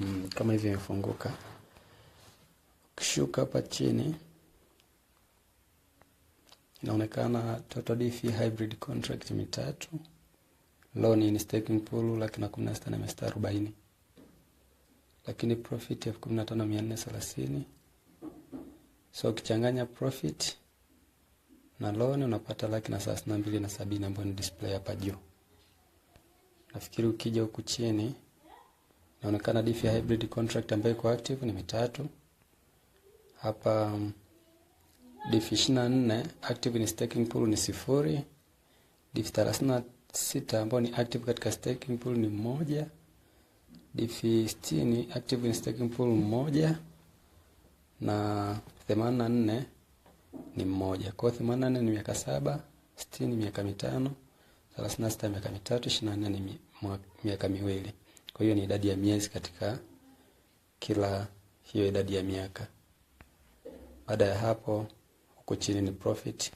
mm -hmm. kama hivi imefunguka. Ukishuka hapa chini inaonekana total DeFi hybrid contract mitatu loan in staking pool laki na kumi na sita na mia sita arobaini lakini profit elfu kumi na tano mia nne thelathini so ukichanganya profit na loan unapata laki na thelathini na mbili na sabini ambayo ni display hapa juu. Nafikiri ukija huku chini Inaonekana diff hybrid contract ambayo iko active ni mitatu. Hapa diff 24 active ni staking pool ni sifuri. Diff 36 ambayo ni active katika staking pool ni moja. Diff 60 active in staking pool moja na 84 ni mmoja. Kwa 84 ni miaka saba, 60 ni miaka mitano, 36 miaka mitatu, 24 ni miaka miwili. Kwa hiyo ni idadi ya miezi katika kila hiyo idadi ya miaka. Baada ya hapo, huku chini ni profit.